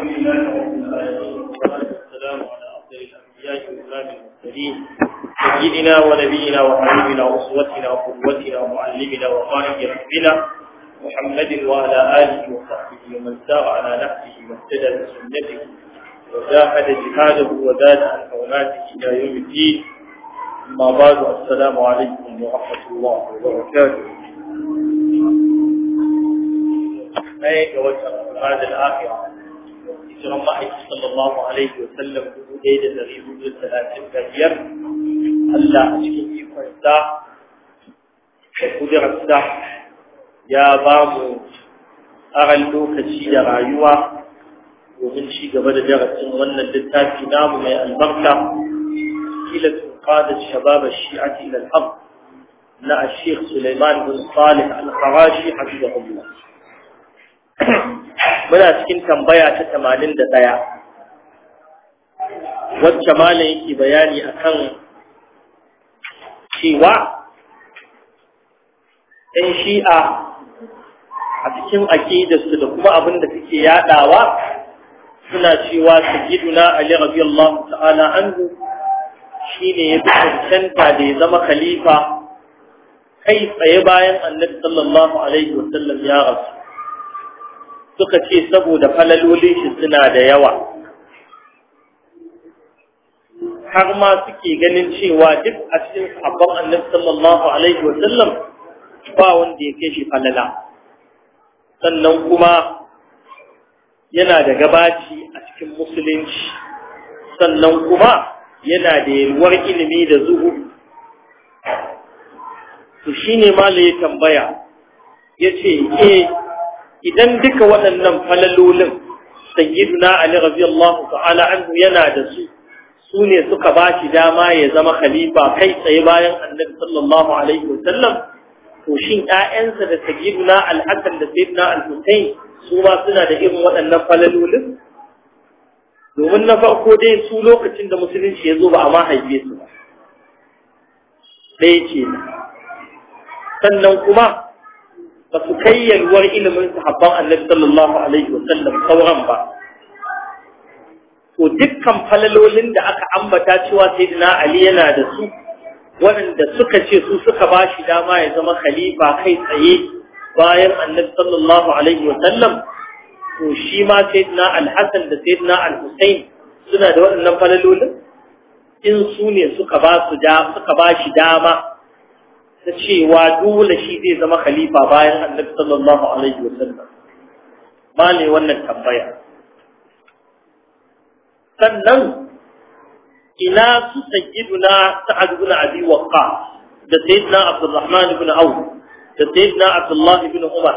الحمد لله رب العالمين والسلام على الأنبياء سيدنا ونبينا وحبيبنا وأسوتنا وقدوتنا ومعلمنا وقائد ربنا محمد وعلى آله وصحبه ومن سار على نفسه واهتدى بسنته وجاهد جهاده وزاد عن حولاته إلى يوم الدين أما بعد السلام عليكم ورحمة الله وبركاته أيك وجه هذا الآخرة hijiran ma'aiki sallallahu alaihi wa sallam dubu ɗaya da ɗari hudu da talatin da biyar Allah a cikin ikonsa da kudirarsa ya ba mu aran lokaci da rayuwa domin ci gaba da darasin wannan littafi namu mai albarka kila qada da shababa shiati ila al na a sheikh Sulaiman bin Salih al-Qarashi hafizahullah muna cikin tambaya ta tamanin da ɗaya. wacce malam yake bayani akan cewa ɗan shi'a a cikin aƙidarsu da kuma abin da suke yaɗawa suna cewa sayyiduna ali radiyallahu ta'ala anhu shine ya fi cancanta da ya zama khalifa kai tsaye bayan annabi sallallahu alaihi wasallam ya rasu suka ce saboda falalolin shi suna da yawa har ma suke ganin cewa duk a cikin sahabban annabi sallallahu alaihi wa sallam ba wanda ya kai shi falala sannan kuma yana da gabaci a cikin musulunci sannan kuma yana da yalwar ilimi da zuhu to shine malai ya tambaya yace eh idan duka waɗannan falalolin sayyiduna ali radiyallahu ta'ala anhu yana da su su ne suka ba shi dama ya zama khalifa kai tsaye bayan annabi sallallahu alaihi wa sallam to shin ƴaƴansa da sayyiduna al-hasan da sayyiduna al-husayn su ba suna da irin waɗannan falalolin domin na farko dai su lokacin da musulunci ya zo ba a ma haife su ba ɗaya ce sannan kuma ba su kai yalwar ilimin sahabban annabi sallallahu alaihi wasallam sauran ba to dukkan falalolin da aka ambata cewa sayyidina ali yana da su waɗanda suka ce su suka ba shi dama ya zama khalifa kai tsaye bayan annabi sallallahu alaihi wasallam to shi ma sayyidina al-hasan da sayyidina al-husayn suna da waɗannan falalolin in su ne suka ba su suka ba shi dama ta cewa dole shi zai zama khalifa bayan annabi sallallahu alaihi wasallam ma wannan tambaya sannan ina su sayyiduna sa'ad ibn abi waqqa da sayyidina abdurrahman ibn auf da sayyidina abdullah ibn umar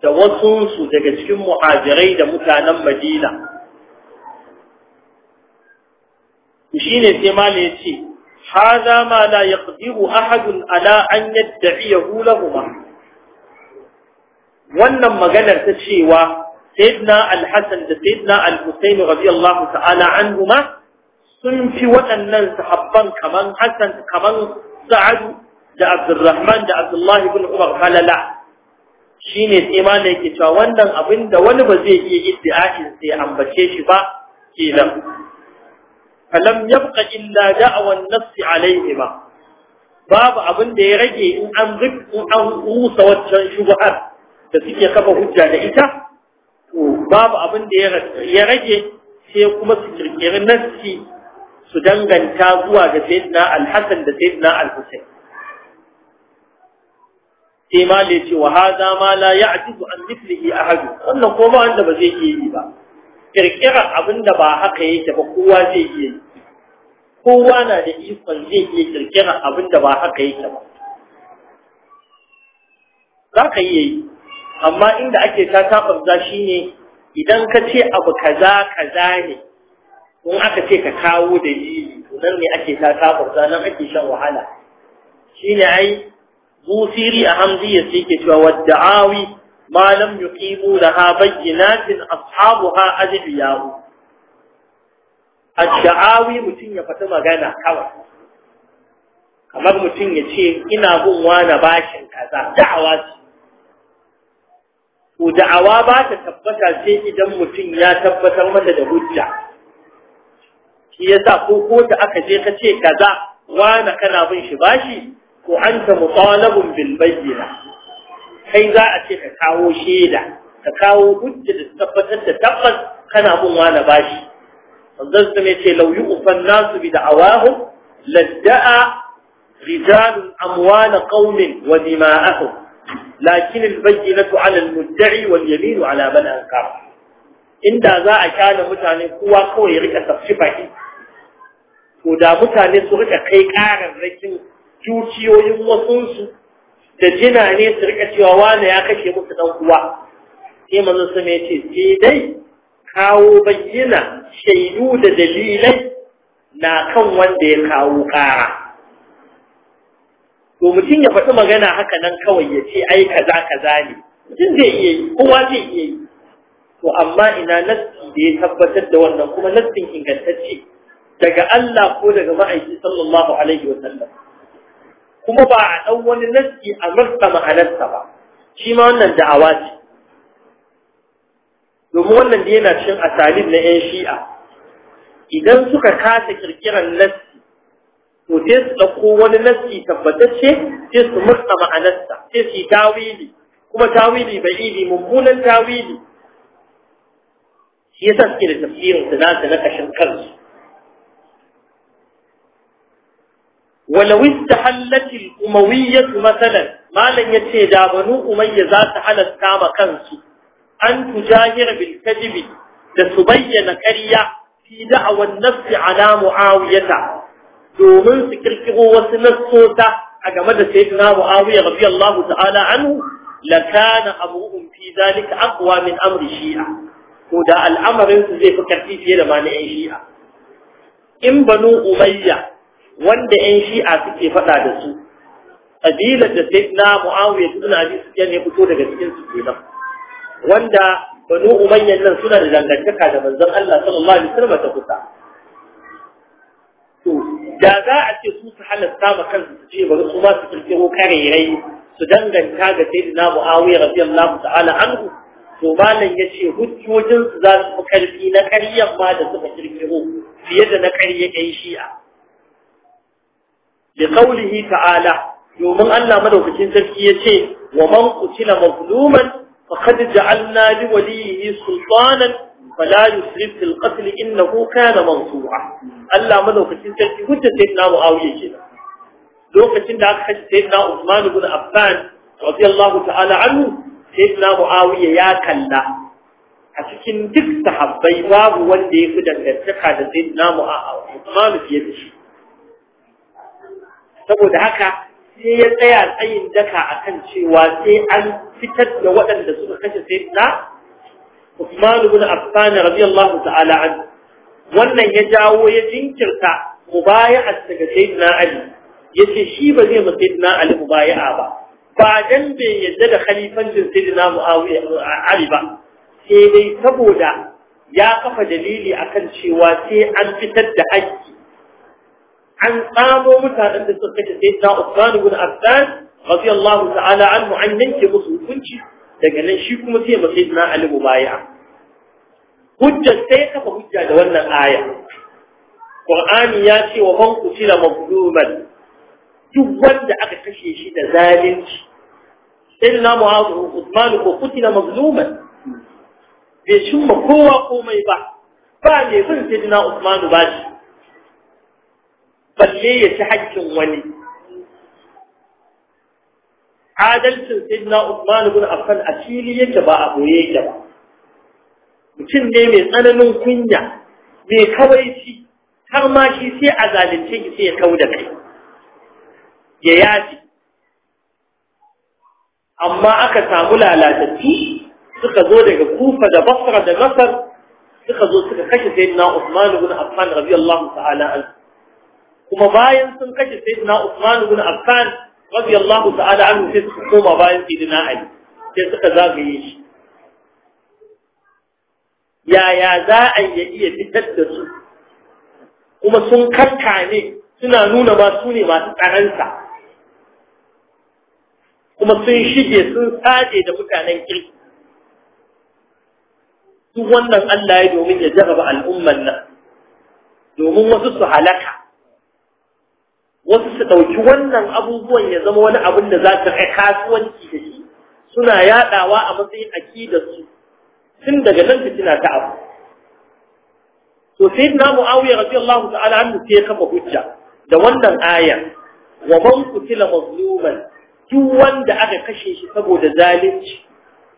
da wasu su daga cikin muhajirai da mutanen madina shine sai ma ne ya ce هذا ما لا يقدر أحد على أن يدعيه لهما wannan maganar ta cewa sayyidina al Hassan da sayyidina al-husayn radiyallahu ta'ala anhuma sun fi waɗannan sahabban kaman Hassan, kaman sa'ad da abdurrahman da abdullahi ibn umar falala shine sai ma ne yake cewa wannan abinda wani ba zai iya iddia'in sai ambace shi ba kenan falam yabqa illa da'wan nafsi alaihi ba babu abin da ya rage in an an rusa waccan shubhar da suke kafa hujja da ita to babu abin da ya rage sai kuma su kirkiri nassi su danganta zuwa ga sayyidina al-hasan da sayyidina al-husayn sai ma da wa hadha ma la ya'jizu an mithlihi ahad wannan ko ba wanda ba zai iya yi ba kirkirar abin da ba haka yake ba kowa zai iya yi kowa na da ikon zai iya kirkirar abin da ba haka yake ba za ka iya yi amma inda ake ta taɓarza shi ne idan ka ce abu kaza kaza ne in aka ce ka kawo dalili to nan ne ake ta taɓarza nan ake shan wahala shi ne ai busiri a hamziyar sai ke cewa wadda awi ma lam yuqimu laha bayyinatin ashabuha ajliyahu adda'awi mutum ya fata magana kawai kamar mutum ya ce ina bin bashin kaza da'awa ce to da'awa ba ta tabbata sai idan mutum ya tabbatar mata da hujja shi yasa ko ko aka je ka ce kaza wana kana bin shi bashi ko anta mutalabun bil bayyina kai za a ce ka kawo sheda ka kawo hujja da tabbatar da tabbas kana bin wani bashi wannan sai ce ufan yu'fan nasu bi da'awahu ladda'a rijal amwal qaumin wa dima'ahum lakin albayyinatu 'ala almudda'i wal yamin 'ala man anqara inda za a kyale mutane kowa kawai ya rika tafsifi ko da mutane su rika kai karar rakin juciyoyin wasunsu su da jina ne su rika cewa wane ya kashe musu dan uwa sai manzon sama ya ce sai dai kawo bayyana shaidu da dalilai na kan wanda ya kawo kara to mutum ya faɗi magana haka nan kawai ya ce ai kaza kaza ne mutum zai iya yi kowa zai iya yi to amma ina nassi da ya tabbatar da wannan kuma nassin ingantacce daga Allah ko daga ma'aiki sallallahu alaihi wa sallam kuma ba a ɗan wani nasi a rasta ma'anarsa ba shi ma wannan da'awa ce domin wannan da yana cikin asalin na 'yan shi'a idan suka kasa kirkiran nasi to sai su ɗauko wani nassi tabbatacce sai su murta ma'anarsa sai su yi tawili kuma tawili bai ili mummunan tawili shi yasa suke da tafsirin su na kashin kansu ولو استحلت الأموية مثلا ما لن يتشهد بنو أمية ذات على التام كنسو أن تجاهر بالكذب لتبين كريا في دعوى النفس على معاوية domin su ƙirƙiro wasu nassota a game da sayyidina Muawiya radiyallahu ta'ala anhu la kana amruhum fi zalika aqwa min amri shi'a ko da al'amarin zai fi karfi fiye da mani shi'a in banu umayya wanda ‘yan shi'a suke faɗa da su ƙabilar da sai na mu'awiyar suna ji su ne fito daga cikin su nan, wanda banu umayyan nan suna da dangantaka da manzon Allah sallallahu alaihi wasallam ta kusa to da za a ce su su halasta ma kansu su ce bari su ma su kirkiro karerai su danganta ga sayyidina mu'awiyah radiyallahu ta'ala hannu, to malam yace ce hujjojinsu za su fi karfi na ƙaryan ma da suka kirkiro fiye da na karyar ɗan shi'a li qawlihi ta'ala domin Allah madaukakin sarki ya ce wa man qutila mazluman faqad ja'alna li waliyhi sultanan fala yusrif fil qatl innahu kana mansura Allah madaukakin sarki hujja sayyidina Muawiya kenan lokacin da aka kashe sayyidina Uthman ibn Affan radiyallahu ta'ala anhu sayyidina Muawiya ya kalla a cikin duk sahabbai babu wanda ya fi dangantaka da sayyidina Muawiya Uthman fiye da shi saboda haka sai ya tsaya tsayin daka akan cewa sai an fitar da waɗanda suka kashe sayyidina Usman ibn Affan radiyallahu ta'ala wannan ya jawo ya jinkirta mubaya'a daga sayyidina Ali yace shi ba zai ma sayyidina Ali mubaya'a ba ba dan bai yadda da khalifancin sayyidina Muawiya Ali ba sai dai saboda ya kafa dalili akan cewa sai an fitar da haƙƙi an tsamo mutanen da suka kashe sai na Uthman ibn Affan radiyallahu ta'ala anhu an yanke musu hukunci daga nan shi kuma sai ma sayyidina Ali mubaya hujjar sai kafa hujja da wannan aya Qur'ani ya ce wa man qutila mazluman duk wanda aka kashe shi da zalunci sayyidina Mu'adh ibn ko qutila mazluman bai cimma kowa komai ba ba ne zan sayyidina Usman ba shi balle ya ci haƙƙin wani adalcin sidna Uthman ibn Affan a fili yake ba a boye yake ba mutum ne mai tsananin kunya mai kawaici har ma shi sai a zalunce ki sai ya kau da kai ya yaji amma aka samu lalatattu suka zo daga kufa da basra da masar suka zo suka kashe sayyidina Uthman ibn Affan radiyallahu ta'ala anhu kuma bayan sun kashe sayyidina Usman ibn Affan radiyallahu ta'ala anhu sai suka koma bayan sayyidina Ali sai suka zagaye shi yaya za a iya fitar da su kuma sun ne suna nuna ba su ne masu tsaransa kuma sun shige sun saje da mutanen kirki duk wannan Allah ya domin ya jarraba al'umman nan domin wasu su halaka wasu su ɗauki wannan abubuwan ya zama wani abin da za ka kai kasuwanci da shi suna yaɗawa a matsayin akidarsu tun daga nan fitina ta abu to sai na mu'awiyar rabi Allah ta'ala an sai kafa hujja da wannan ayan, wa man kutila mazluman duk wanda aka kashe shi saboda zalunci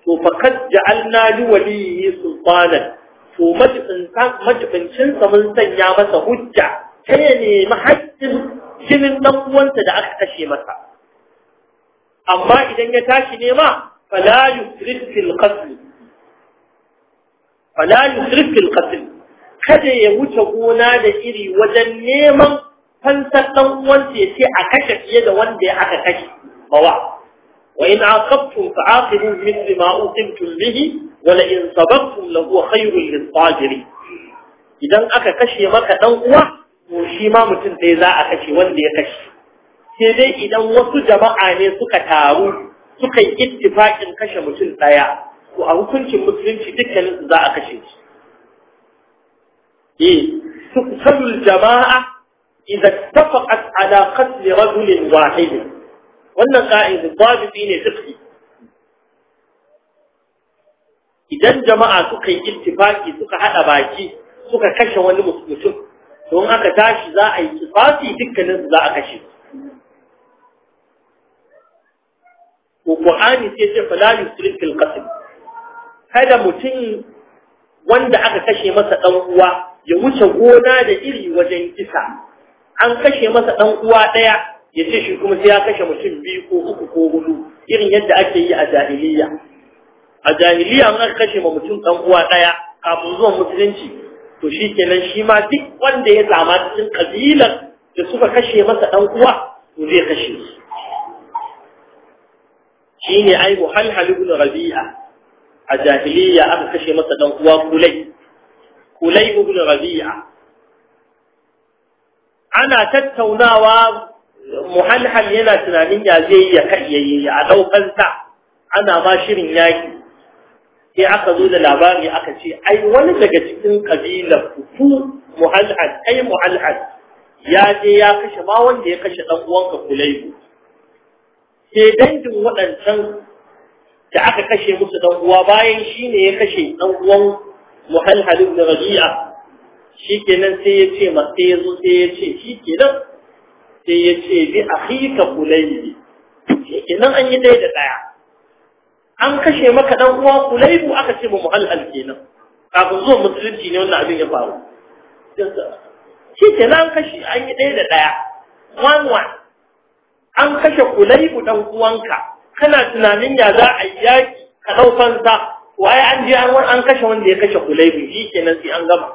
to da ja'alna li waliyyi sultanan to majibincin sa mun sanya masa hujja ta ya nemi haƙƙin jinin dan uwansa da aka kashe masa amma idan ya tashi nema fala yusrif fil qatl fala yusrif fil qatl kada ya wuce gona da iri wajen neman fansar dan uwansa ya ce a kashe fiye da wanda ya aka kashe bawa wa in aqabtum fa'aqibu mithli ma uqibtum bihi wa la in sabartum lahu khayrun lis idan aka kashe maka dan uwa to shi ma mutum ɗaya za a kashe wanda ya kashe sai dai idan wasu jama'a ne suka taru suka yi ittifaqin kashe mutum ɗaya to a hukuncin musulunci dukkanin su za a kashe shi eh tuqtalul jama'a idan ittafaqat ala qatl rajul wahid wannan qa'ida dabibi ne fiqhi idan jama'a suka yi ittifaqi suka hada baki suka kashe wani mutum to in aka tashi za a yi kifafi dukkaninsu za a kashe ko Qur'ani sai ce fala yusrik qatl kada mutum wanda aka kashe masa dan uwa ya wuce gona da iri wajen kisa an kashe masa dan uwa daya ya ce shi kuma sai ya kashe mutum biyu ko uku ko hudu irin yadda ake yi a jahiliya a jahiliya an kashe ma mutum dan uwa daya kafin zuwan musulunci to shi kenan shi ma duk wanda ya zama cikin kabilan da suka kashe masa ɗan uwa to zai kashe shi ne ai muhalhal ibn rabi'a a jahiliya aka kashe masa ɗan uwa kulai kulai ibn rabi'a ana tattaunawa muhalhal yana tunanin ya zai ya kai ya a daukan sa ana ma shirin yaki sai aka zo da labari aka ce ai wani daga cikin kabilar ku muhal'ad ai muhal'ad ya je ya kashe ma wanda ya kashe dan uwanka kulaibu ke dangin waɗancan da aka kashe musu dan uwa bayan ne ya kashe dan uwan muhalhal ibn rabi'a shikenan sai ya ce ma sai ya zo sai ya ce shikenan sai ya ce bi akhika kulaibi shikenan an yi dai da daya an kashe maka dan uwa kulaibu aka ce ba muhalhal kenan kafin zuwa musulunci ne wannan abin ya faru shi ke an kashe an yi ɗaya da ɗaya one one an kashe kulaibu dan uwanka kana tunanin ya za a yi yaƙi ka ɗau fansa waye an je an an kashe wanda ya kashe kulaibu shi nan sai an gama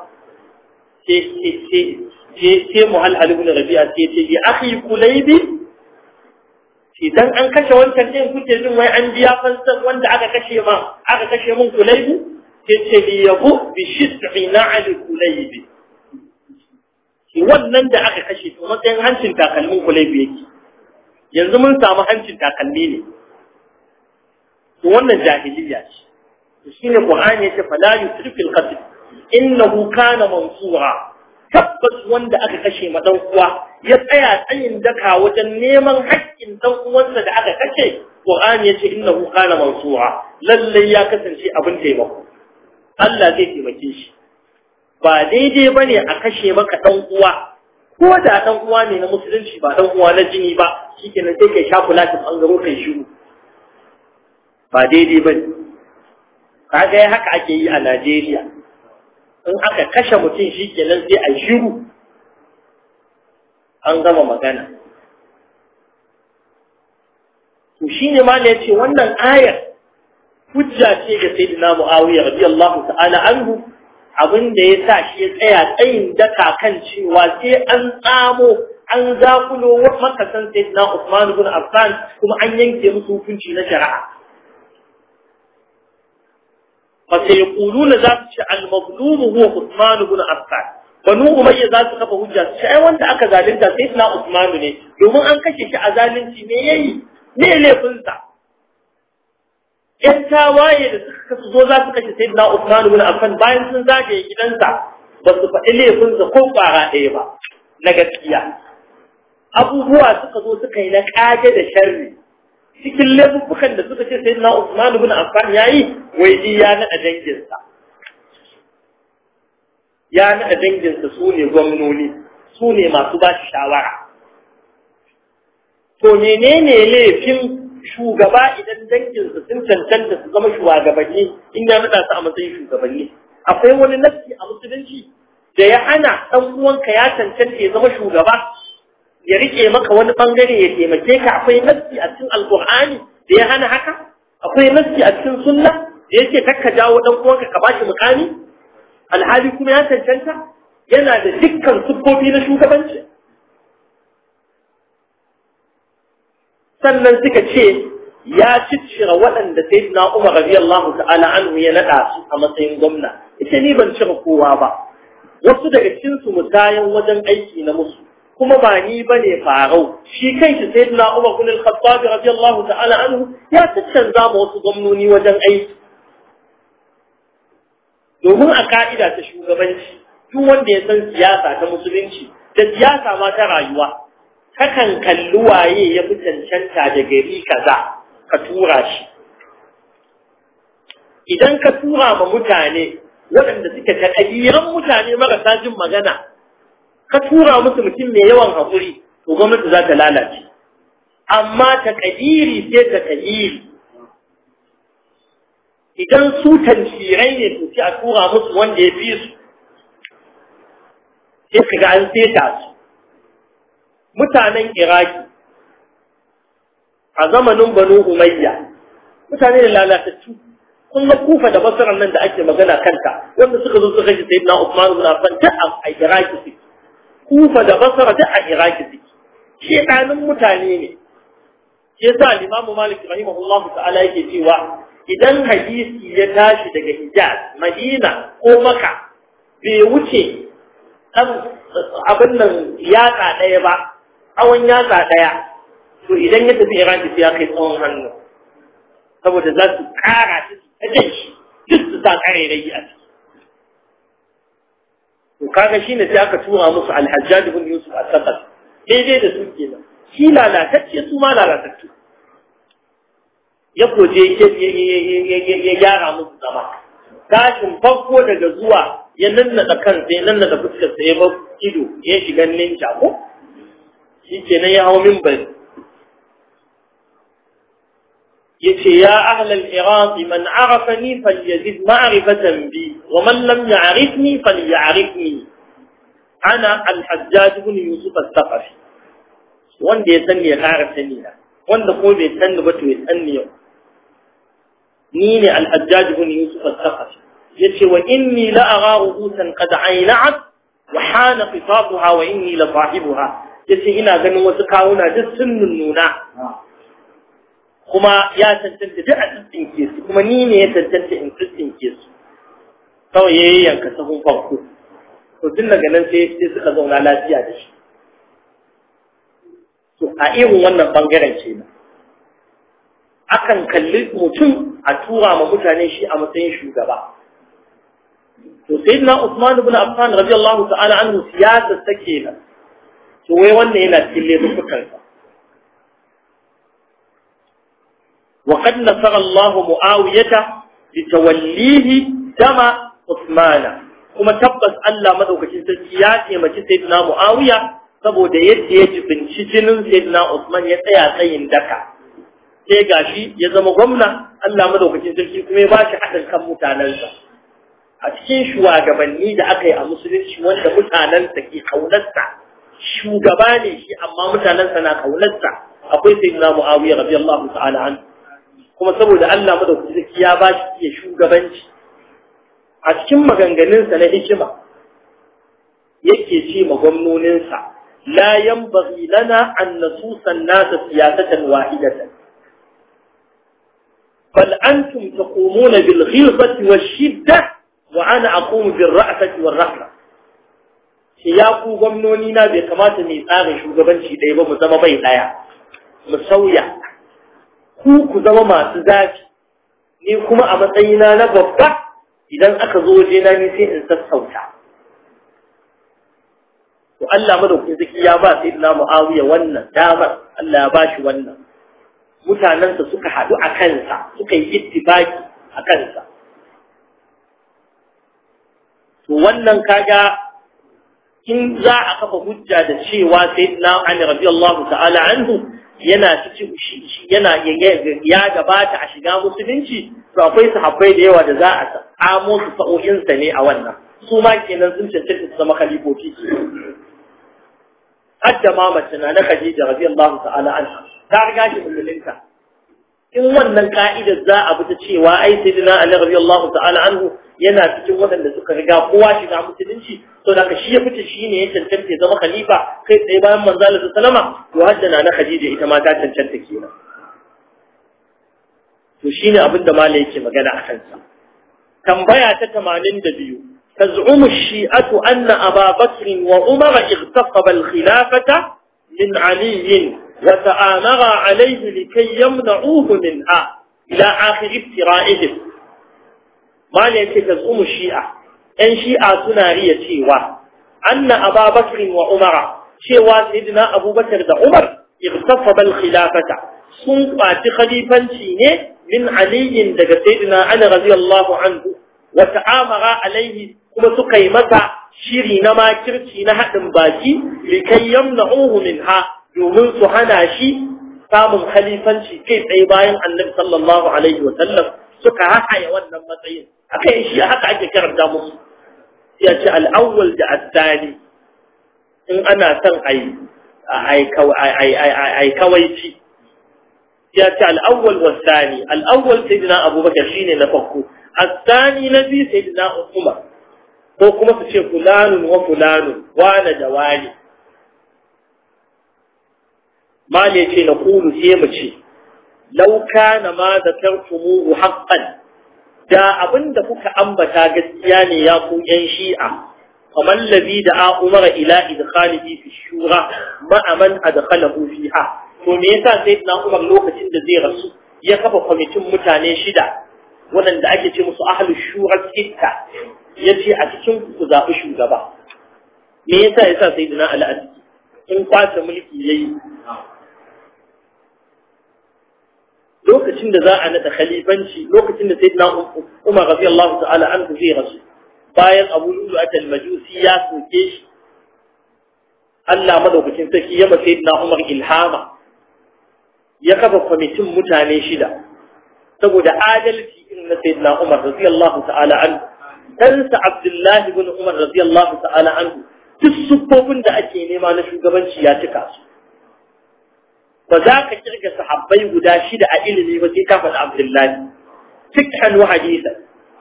sai sai sai sai muhalhal ibn rabi'a sai sai ya akhi kulaibi idan an kashe wancan din kuke jin wai an biya fansan wanda aka kashe ma aka kashe min kulaibu yace li yabu bi shid'i na'al kulaybi wannan da aka kashe to matsayin hancin takalmin kulaibu yake yanzu mun samu hancin takalmi ne to wannan jahiliya ce shine qur'ani yace fala yusrifil qatl innahu kana mansura tabbas wanda aka kashe ma dan uwa ya tsaya tsayin daka wajen neman haƙƙin dan uwansa da aka kashe Qur'ani yace innahu kana mansura lalle ya kasance abin taimako Allah zai taimake shi ba daidai bane a kashe maka dan uwa ko da dan uwa ne na musulunci ba dan uwa na jini ba shikenan sai kai shafu latin an garo kai shiru ba daidai bane kaga haka ake yi a Najeriya in aka kashe mutum shi kenan sai a shiru an gama magana to ne ma ne ce wannan ayar hujja ce ga mu'awiyar biyu Allah ta'ala anhu abin da ya sa shi ya tsaya tsayin daka kan cewa sai an tsamo an zakulo makasan dina Usman bin Affan kuma an yanke musu hukunci na shari'a فسيقولون ذات المظلوم هو عثمان بن عفان banu umayya za su kafa hujja su ai wanda aka zalunta sai na usmanu ne domin an kashe shi a zalunci ne ya yi. laifin laifinsa? yan tawaye da suka kasu zo za su kashe sai na usmanu bin affan bayan sun zagaye gidansa ba su faɗi laifinsa ko ƙwara ɗaya ba na gaskiya abubuwa suka zo suka yi na ƙage da sharri cikin laifukan da suka ce sai na Usman ibn Affan yayi wai ji ya dangin danginsa ya dangin danginsa su ne gwamnoni su ne masu ba shi shawara to menene laifin shugaba idan sa sun cancanta su zama shugabanni in ya naɗa su a matsayin shugabanni akwai wani nafsi a musulunci da ya ana ɗan uwanka ya cancanta ya zama shugaba ya rike maka wani bangare ya taimake ka akwai nassi a cikin alqur'ani da ya hana haka akwai nassi a cikin sunna da yake takka jawo dan uwanka ka bashi mukami alhali kuma ya cancanta yana da dukkan siffofi na shugabanci sannan suka ce ya ciccira waɗanda sai na Umar radiyallahu ta'ala anhu ya naɗa su a matsayin gwamna ita ni ban cire kowa ba wasu daga cikinsu su wajen aiki na musu kuma ba ni bane farau shi kai kanshi sai Umar bin Al-Khattab radiyallahu ta'ala anhu ya za mu wasu gwamnoni wajen aiki domin a ka'ida ta shugabanci duk wanda ya san siyasa ta musulunci da siyasa ma ta rayuwa kakan kalli waye ya fi cancanta da gari kaza ka tura shi idan ka tura ma mutane waɗanda suke ta ƙabiran mutane marasa jin magana ka tura musu mutum mai yawan haƙuri to gwamnati za ta lalace amma ta kadiri sai ta kadiri idan su tantirai ne to sai a tura musu wanda ya fi su sai ka ga an seta su mutanen iraki a zamanin banu umayya mutane da lalatattu kun ga kufa da basiran nan da ake magana kanta wanda suka zo suka ji sayyidina Uthman ibn Affan ta a iraki suke kufa da basara duk a iraki suke shi ɗanin mutane ne ya sa limamu malik rahimahullahu ta'ala yake cewa idan hadisi ya tashi daga hijaz madina ko maka bai wuce abin nan yatsa ɗaya ba tsawon yatsa ɗaya to idan ya tafi iraki ya kai tsawon hannu saboda za su ƙara shi ta shi duk su sa ƙarairayi a ciki to kaga shine sai aka tura musu al-hajjaj ibn yusuf al-saqat dai da su kenan shi lalatacce su ma lalatacce ya koje ya gyara musu zama tashin farko daga zuwa ya nannaɗa sai ya nannaɗa fuskar sai ya bar ido ya shiga ninja ko shi kenan ya hau min bari يتي يا أهل الإرام من عرفني فليزد معرفة بي ومن لم يعرفني فليعرفني أنا الحجاج بن يوسف الثقفي وان دي سني عرفني وان دي قول يتن الحجاج بن يوسف الثقفي يتي وإني لأغى رؤوسا قد عينعت وحان قصاصها وإني لصاحبها يتي هنا ذنو وسكاونا جسن النونا آه. kuma ya tantance duk a tsintsinke su kuma ni ne ya tantance in tsintsinke su kawai ya yi yanka sahun farko to tun daga nan sai sai suka zauna lafiya da shi to a irin wannan bangaren ce na akan kalli mutum a tura ma mutane shi a matsayin shugaba to na Usman ibn Affan radiyallahu ta'ala anhu siyasa take nan to wai wannan yana cikin sa وقد نصر الله معاوية بتوليه dama عثمان kuma tabbas Allah madaukakin sarki ya taimaki sayyidina Muawiya saboda yadda ya jibinci jinin sayyidina Usman ya tsaya tsayin daka sai shi ya zama gwamna Allah madaukakin sarki kuma ya ba shi haɗin kan a cikin shugabanni da aka yi a musulunci wanda mutanensa ke kaunarsa shugaba ne shi amma mutanensa na kaunarsa akwai sayyidina Muawiya radiyallahu ta'ala anhu kuma saboda Allah madaukaki sarki ya ba shi iya shugabanci a cikin maganganunsa na hikima yake ce ma gwamnoninsa la yanbaghi lana an nasusa nasa siyasatan wahidatan bal antum taqumuna bil ghilzati wash shidda wa ana aqumu bil ra'sati war rahma shi ya ku gwamnoni na bai kamata mai tsarin shugabanci ɗaya ba mu zama bai ɗaya mu sauya ku ku zama masu zafi ni kuma a matsayina na babba idan aka zo waje na ni sai in sassauta to Allah madaukakin zaki ya ba sai na Muawiya wannan damar Allah ya bashi wannan mutanensa suka haɗu a kansa suka yi ittifaki a kansa to wannan kaga in za a kafa hujja da cewa sai na Ali radiyallahu ta'ala anhu yana cikin yana ya gabata a shiga musulunci to akwai sahabbai da yawa da za a amo su sa'o'in sa ne a wannan su ma kenan sun cancanta su zama khalifofi hadda ma mace na na Khadija radiyallahu ta'ala anha ta riga shi musulunta in wannan ka'idar za a bi ta cewa ai dina Ali radiyallahu ta'ala anhu yana cikin waɗanda suka riga kowa shi da musulunci to da shi ya fice shi ne ya cancanta zama khalifa kai tsaye bayan manzo Allah sallama to haddana na Khadija ita ma ta cancanta kenan to shine abin da malai yake magana akan sa tambaya ta 82 تزعم الشيعة أن أبا بكر وعمر اغتصب الخلافة من علي وتآمر عليه لكي يمنعوه منها إلى آخر افترائهم ما ليس تزعم الشيعة أن شيعة تنارية شيوة أن أبا بكر وعمر شيوة سيدنا أبو بكر وعمر اغتصب الخلافة سنقات خليفا شيني من علي دقى سيدنا علي رضي الله عنه وتآمر عليه kuma suka yi mata shiri na makirci na haɗin baki likai yamna'uhu minha domin su hana shi samun khalifanci kai tsaye bayan annabi sallallahu alaihi wa sallam suka haka ya wannan matsayin akai shi haka ake karanta musu ya ce al-awwal da athani in ana son ai ai ai ai kawaici ya ce al-awwal wa thani al-awwal sayyidina abubakar shine na farko athani nabi sayyidina umar ko kuma su ce fulanun wa fulanun wane da wani ما ليتي نقول سيمتي لو كان ما ذكرتموه حقا da abin da abinda kuka ambata gaskiya ne ya ku ƴan shi'a kamar lazi da a umara ila idkhalihi fi shura ma aman adkhalahu fiha to me yasa sai na umar lokacin da zai rasu ya kafa kwamitin mutane shida waɗanda ake ce musu ahlus shura sitta ce a cikin ku zaɓi shugaba me yasa yasa sayyidina al'adu? in kwace mulki yayi lokacin da za a nada khalifanci lokacin da sayyidina Umar radiyallahu ta'ala ku zai rasu bayan Abu Lu'lu'at al-Majusi ya soke shi Allah madaukakin sarki ya masa sayyidina Umar ilhama ya kafa kwamitin mutane shida saboda adalci irin na sayyidina Umar radiyallahu ta'ala anhu ɗansa Abdullahi ibn Umar radiyallahu ta'ala anhu duk siffofin da ake nema na shugabanci ya cika su ba za ka kirga sahabbai guda shida a ilimi ba sai ka faɗi Abdullahi fikhan wa hadisa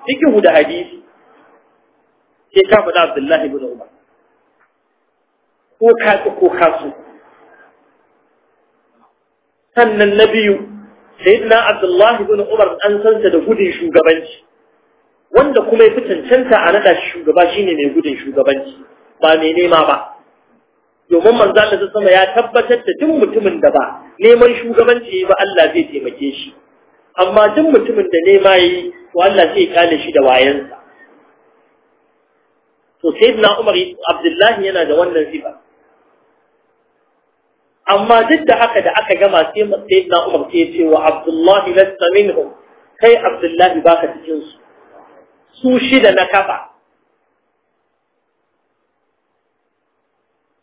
fikihu da hadisi sai ka faɗi Abdullahi ibn Umar ko ka ko ka su sannan na biyu sayyidina Abdullahi ibn Umar an san sa da gudun shugabanci wanda kuma ya fi cancanta a naɗa shugaba shine mai gudun shugabanci ba mai nema ba domin manzo Allah sama ya tabbatar da duk mutumin da ba neman shugabanci ba Allah zai taimake shi amma duk mutumin da nema yi to Allah zai kale shi da wayansa to sayyidina Umar Abdullahi yana da wannan sifa amma duk da haka da aka gama sai sayyidina Umar sai ce wa Abdullahi lasta minhum kai Abdullahi baka cikin su su shida na kafa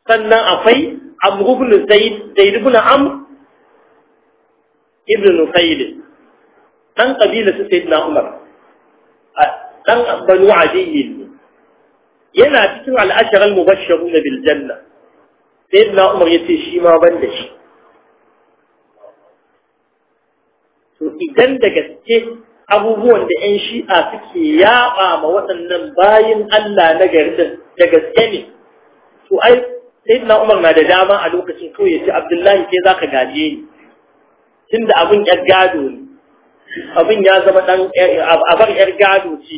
sannan akwai amru ibn zaid zaid ibn am ibn nufail dan kabila su na umar dan a adiyyin yana cikin mu al'ashar al na Biljanna. janna na umar ya ce shi ma ban da shi to idan da gaske abubuwan da 'yan shi'a suke yaɓa ma waɗannan bayin Allah na gari da gaske ne to ai sayyidina Umar na da dama a lokacin to ya ce Abdullahi ke zaka gaje ni tunda abin yar gado ne abin ya zama dan abar yar gado ce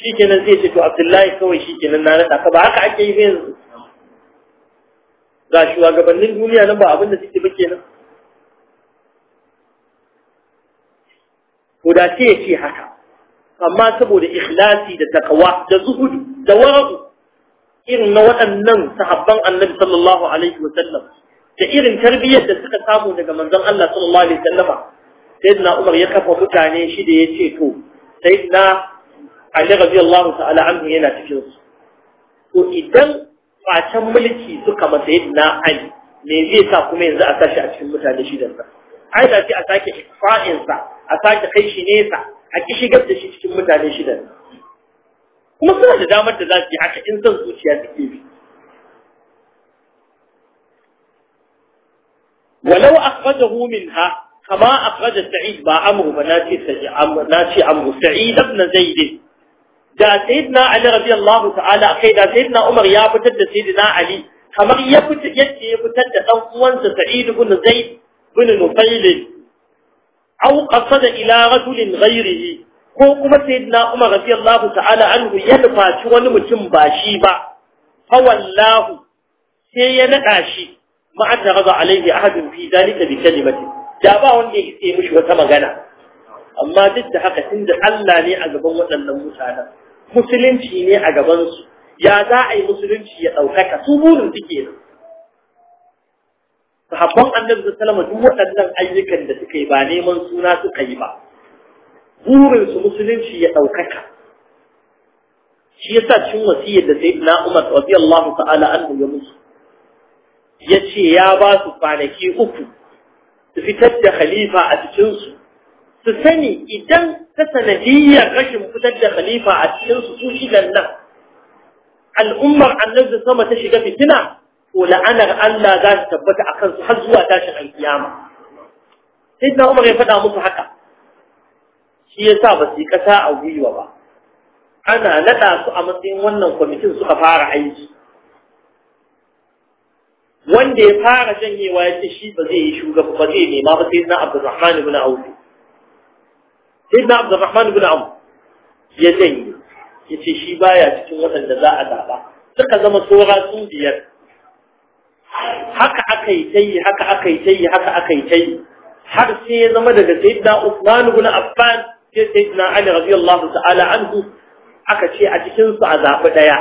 shikenan zai ce to Abdullahi kawai shikenan na nada ka ba haka ake yi yanzu ga shugabannin duniya nan ba abin da suke ba kenan ko da ce ya ce haka amma saboda ikhlasi da takawa da zuhudu da wara'u irin na waɗannan sahabban annabi sallallahu alaihi sallam da irin tarbiyyar da suka samu daga manzon Allah sallallahu alaihi wasallama sayyidina Umar ya kafa mutane shi da yace to sayyidina Ali radiyallahu ta'ala anhu yana cikin su to idan kwacen mulki suka masa sayyidina Ali me zai sa kuma yanzu a sashi a cikin mutane shi da ai da a sake ifa'insa a sake kai shi nesa a ki shigar da shi cikin mutane shi da kuma suna da damar da za su yi haka in son zuciya ke bi walau a homin ha kama akhraja sa'id ba amuru ba nace sa'id nace amru sa'id ibn zaid da na ali radiyallahu ta'ala kai da na umar ya fitar da na ali kamar ya fitar yadda ya fitar da dan uwansa sa'id zai zaid nufailin, au aw da ila rajulin ghayrihi ko kuma sayyidina Umar radiyallahu ta'ala anhu ya nufaci wani mutum ba shi ba fa sai ya naɗa shi ma an taraza alaihi ahadun fi zalika bi kalimati da ba wanda ya ce mishi wata magana amma duk da haka tunda Allah ne a gaban waɗannan mutanen musulunci ne a gaban su ya za a yi musulunci ya ɗaukaka su burin suke nan. sahabban annabi sallallahu alaihi wasallam duk waɗannan ayyukan da suka yi ba neman suna suka yi ba burinsu musulunci ya ɗaukaka shi ya sa cin wasiyar da sai na umar radiyallahu ta'ala an ya musu ya ce ya ba su kwanaki uku su fitar da khalifa a cikinsu su sani idan ta sanadiyyar rashin fitar da khalifa a cikinsu su shigan nan al'ummar annabi sama ta shiga fitina ko la'anar Allah za ta tabbata akan su har zuwa tashin alkiyama sai na umar ya faɗa musu haka shi yasa ba su yi ƙasa a gwiwa ba ana naɗa su a matsayin wannan kwamitin suka fara aiki wanda ya fara janyewa ya ce shi ba zai yi shugaba ba zai nema ba sai na rahman ibn auf sai na rahman ibn auf ya janye ya ce shi baya cikin waɗanda za a zaɓa suka zama tsora sun biyar haka aka yi ta yi haka aka yi ta yi haka aka yi ta yi har sai ya zama daga sayyidina usman ibn affan sai sayyidina Ali radiyallahu ta'ala anhu aka ce a cikin su a zabi daya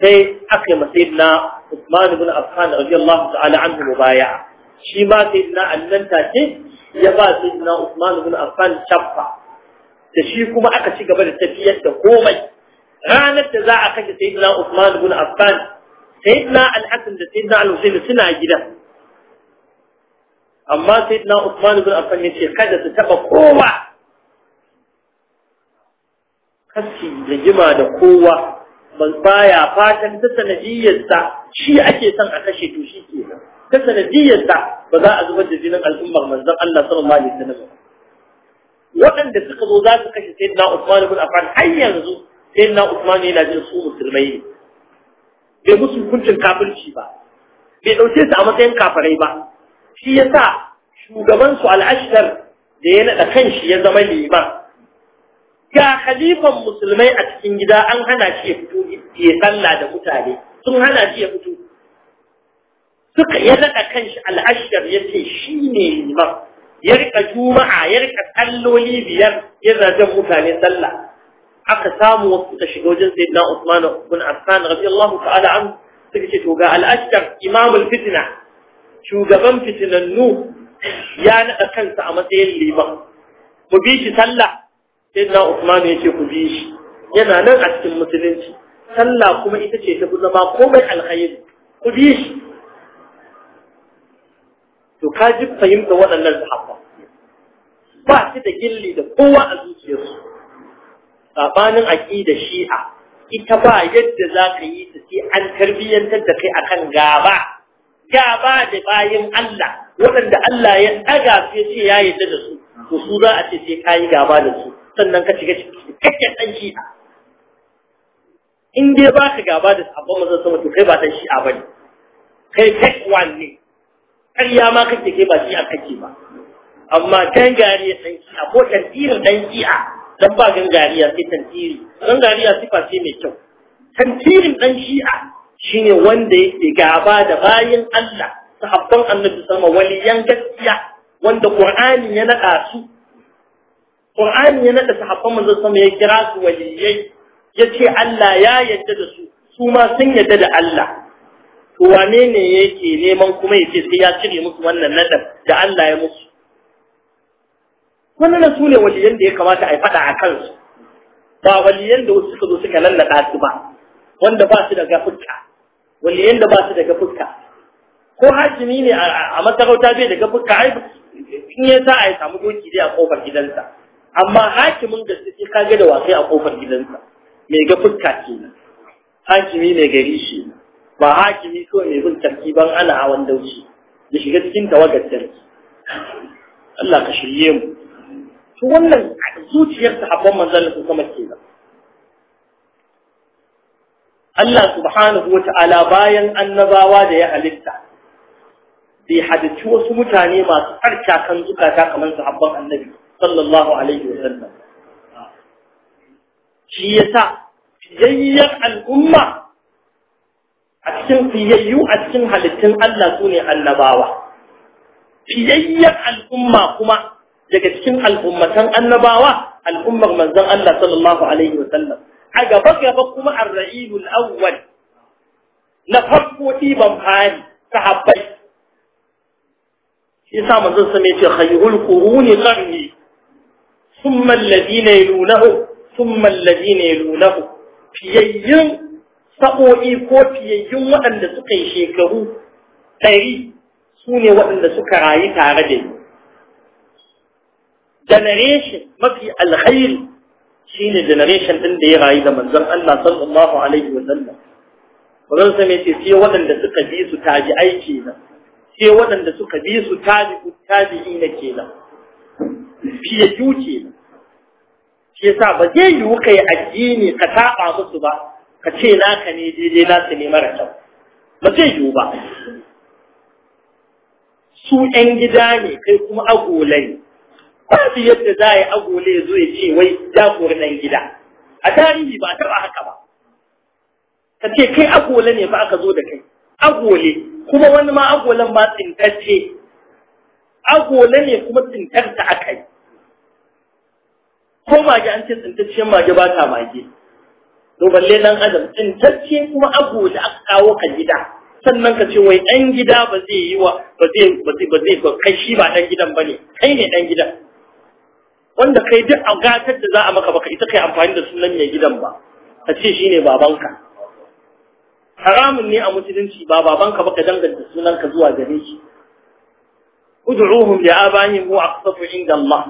sai aka yi na Usman ibn Affan radiyallahu ta'ala anhu mubaya'a shi ma sai na annan take ya ba na Usman ibn Affan chaffa da shi kuma aka ci gaba da tafiyar da komai ranar da za a kashe na Usman ibn Affan na Al-Hasan da sai na Al-Husayn suna gidan amma sai na Usman bin Affan yace kada su taba kowa kashi da jima da kowa man baya fatan ta sanadiyyarsa shi ake son a kashe to shi ke ta sanadiyyarsa ba za a zubar da jinin al'ummar manzon Allah sallallahu alaihi wasallam waɗanda suka zo za su kashe sayyidina Usman bin Affan har yanzu sayyidina Usman yana jin su musulmai ne bai musu hukuncin kafirci ba bai dauke su a matsayin kafirai ba shi yasa shugabansu al'ashar da ya naɗa kanshi ya zama liman ga khalifan musulmai a cikin gida an hana shi ya fito ya sallah da mutane sun hana shi ya fito suka ya naɗa kanshi al'ashar ya ce shi ne liman ya riƙa juma'a ya riƙa salloli biyar yana jan mutane sallah aka samu wasu da shiga wajen sayyidina Usman bin Affan radiyallahu ta'ala an suka ce to ga al imamul fitna shugaban fitinannu ya naɗa kansa a matsayin liman ku bi shi sallah sai na Usman ya ku bi shi yana nan a cikin musulunci sallah kuma ita ce ta zama komai alkhairi ku bi shi to ka ji fahimta waɗannan sahabba ba shi da gilli da kowa a zuciyarsu sabanin da shi'a ita ba yadda za ka yi ta sai an tarbiyyantar da kai akan gaba Ya ba da bayin Allah waɗanda Allah ya ɗaga su ya ce ya yarda da su to su za a ce sai ka yi gaba da su sannan ka shiga cikakken ɗan shi'a in dai ba ka gaba da sabon mazan sama to kai ba ɗan shi'a ba ne kai tek wan ne ƙarya ma kake kai ba shi'a kake ba amma gangariya ɗan shi'a ko tantirin ɗan shi'a dan ba gangariya sai tantiri gangariya sifa ce mai kyau tantirin ɗan shi'a shine wanda yake gaba da bayin Allah sahabban annabi sama waliyan gaskiya wanda qur'ani ya nada su qur'ani ya nada sahabban manzon sama ya kira su waliyai yace Allah ya yadda da su su ma sun yadda da Allah to wane ne yake neman kuma yace sai ya cire musu wannan nadar da Allah ya musu wannan su ne waliyan da ya kamata a yi fada a kansu ba waliyan da wasu suka zo suka lallaka su ba wanda ba su da gafuka waliyan da ba su daga fuska ko hakimi ne a masarauta bai daga fuska ai in ya sa a yi samu doki dai a kofar gidansa amma hakimin da suke kage da wasai a kofar gidansa mai ga fuska ke hakimi ne gari shi ba hakimi ko mai bin tarki ban ana hawan dauci ya shiga cikin tawagar tarki. Allah ka shirye mu to wannan zuciyar sahabban manzon Allah sama kenan Allah subhanahu wata'ala bayan annabawa da ya halitta bai halicci wasu mutane masu harka kan zukata kamar sahabban annabi sallallahu alaihi wa sallam shi yasa fiyayyar al'umma a cikin fiyayyu a cikin halittun Allah su ne annabawa fiyayyar al'umma kuma daga cikin al'ummatan annabawa al'ummar manzon Allah sallallahu alaihi wa sallam a gaba gaba kuma ar-ra'ilul awwal na farko ɗiban fari sahabbai shi sa manzon sa mai ce khayrul quruni qarni thumma alladhina yalunahu thumma alladhina yalunahu fiyayyun sa'o'i ko fiyayyun waɗanda suka yi shekaru ɗari su ne waɗanda suka rayu tare da ni generation mafi alkhairi Shi ne generation ɗin da ya rayu da manzon Allah sallallahu alaihi wasallam. sallam wannan ce sai waɗanda suka bi su taji aiki nan sai waɗanda suka bi su taji ku taji ina kenan fiye yuce nan shi yasa ba zai yiwu yi addini ka taɓa musu ba ka ce naka ne daidai su ne mara kyau ba zai yiwu ba su ‘yan gida ne kai kuma agolai babu yadda za a yi agole ya zo ya ce wai jagor ɗan gida a tarihi ba taɓa haka ba ka ce kai agole ne ba aka zo da kai agole kuma wani ma agolan ba tsintacce agole ne kuma tsintar ta aka yi ko mage an ce tsintacciyar mage ba ta mage to balle nan adam tsintacce kuma agole aka kawo ka gida sannan ka ce wai ɗan gida ba zai yi wa ba zai ba zai ba kai shi ba ɗan gidan ba ne kai ne ɗan gidan wanda kai duk a gatar da za a maka baka ita kai amfani da sunan mai gidan ba ka ce shine babanka haramun ne a musulunci ba babanka baka danganta sunanka zuwa gare shi ud'uhum li abanihim huwa aqsatu inda Allah